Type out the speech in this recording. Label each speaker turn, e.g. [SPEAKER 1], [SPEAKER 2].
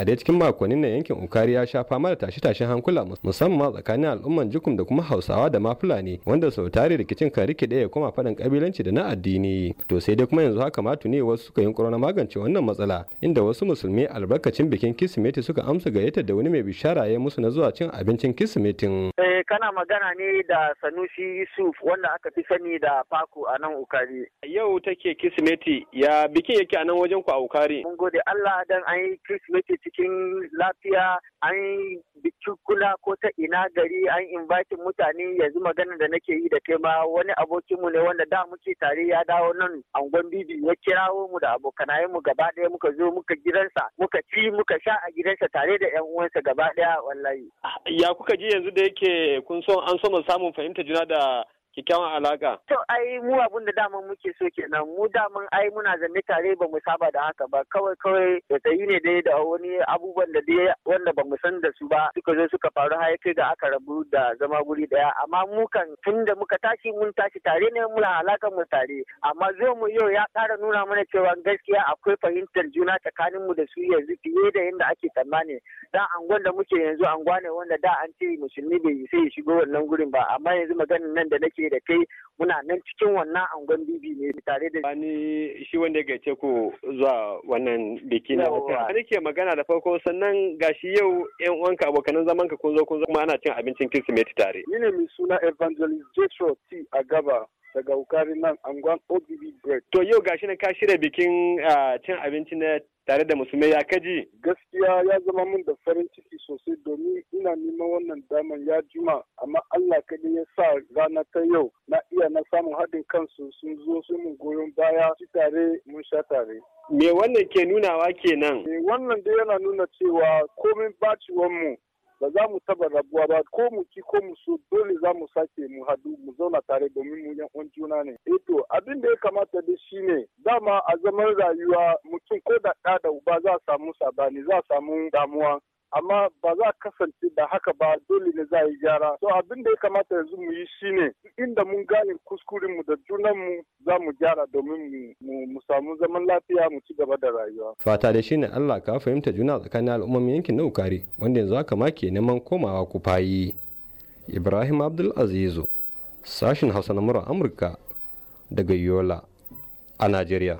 [SPEAKER 1] a dai cikin makonnin nan yankin ukari ya sha fama da tashe-tashen hankula musamman tsakanin al'umman jukum da kuma hausawa da ma fulani wanda sau tare rikicin kan rike ya kuma faɗin kabilanci da na addini to sai dai kuma yanzu haka ma tuni wasu suka yi na magance wannan matsala inda wasu musulmi albarkacin bikin kirsimeti suka amsa gayyatar da wani mai bishara ya musu na zuwa cin abincin kirsimetin.
[SPEAKER 2] Eh, kana magana ne da Sanusi Yusuf wanda aka fi sani da Faku a nan Ukari.
[SPEAKER 3] Yau take Kirsimeti ya bikin yake a nan wajen ku a Ukari. Mun
[SPEAKER 2] gode Allah dan an yi Kirsimeti cikin lafiya an yi bikikula ko ta ina gari an invite mutane yanzu magana da nake yi da kai ma wani abokinmu ne wanda da muke tare ya dawo nan angon bibi ya kirawo mu da abokanai mu gaba ɗaya muka zo muka gidansa muka ci muka sha a gidansa tare da yan uwansa gaba ɗaya wallahi ya
[SPEAKER 3] kuka ji yanzu da yake kun son an so mu samun fahimta juna da kyakkyawan alaka.
[SPEAKER 2] To ai mu abun da daman muke so kenan mu daman ai muna zanne tare ba mu saba da haka ba kawai kawai da tsayi ne dai da wani abubuwan da dai wanda ba mu san da su ba suka zo suka faru har kai da aka rabu da zama guri daya amma mu kan tun da muka tashi mun tashi tare ne muna alaka mu tare amma zo mu yau ya kara nuna mana cewa gaskiya akwai fahimtar juna tsakanin mu da su yanzu fiye da yadda ake tsammani da angon da muke yanzu angwa ne wanda da an ce musulmi bai sai shigo wannan
[SPEAKER 3] gurin ba amma yanzu maganin nan da nake da kai muna nan cikin wannan angon bibi ne tare da ni shi wanda ya ce ku zuwa wannan biki na wata nake magana da farko sannan gashi yau yan uwanka abokanan zaman ka kun zo kun zo kuma ana cin abincin kirsimeti tare ni
[SPEAKER 4] ne mai suna evangelist Joshua T Agaba daga Ukari nan angon OBB Bread
[SPEAKER 3] to yau gashi na ka shirya bikin ah, cin abinci na tare da musulmai ya kaji. Gaskiya
[SPEAKER 4] ya zama mun da farin ciki sosai domin ina neman wannan daman ya juma amma Allah kaɗai ya sa rana ta yau na iya na samun haɗin kansu sun zo sun mun goyon baya shi tare mun sha tare.
[SPEAKER 3] Me wannan ke nunawa kenan? Me
[SPEAKER 4] eh, wannan dai yana nuna cewa komin mu? ba za mu taba rabuwa ba ko mu ci ko mu so dole za mu sake mu hadu mu zauna tare domin mu yan juna ne Eto eh to abin da ya kamata da shi ne dama a zaman rayuwa mutum ko da ɗa da uba za a samu sabani za a samu damuwa amma ba za a kasance da haka ba dole ne za a yi gyara to abin da ya kamata yanzu mu yi shi ne. da mun gane mu da junanmu za mu gyara domin mu samu zaman lafiya mu ci gaba da rayuwa.
[SPEAKER 1] Fata da shine Allah ka fahimta juna tsakanin al'ummomin yankin na Ukari wanda yanzu haka ma ke neman komawa kufayi. Ibrahim Abdul Azizu, sashin Hausa na Amurka daga Yola
[SPEAKER 4] a Najeriya.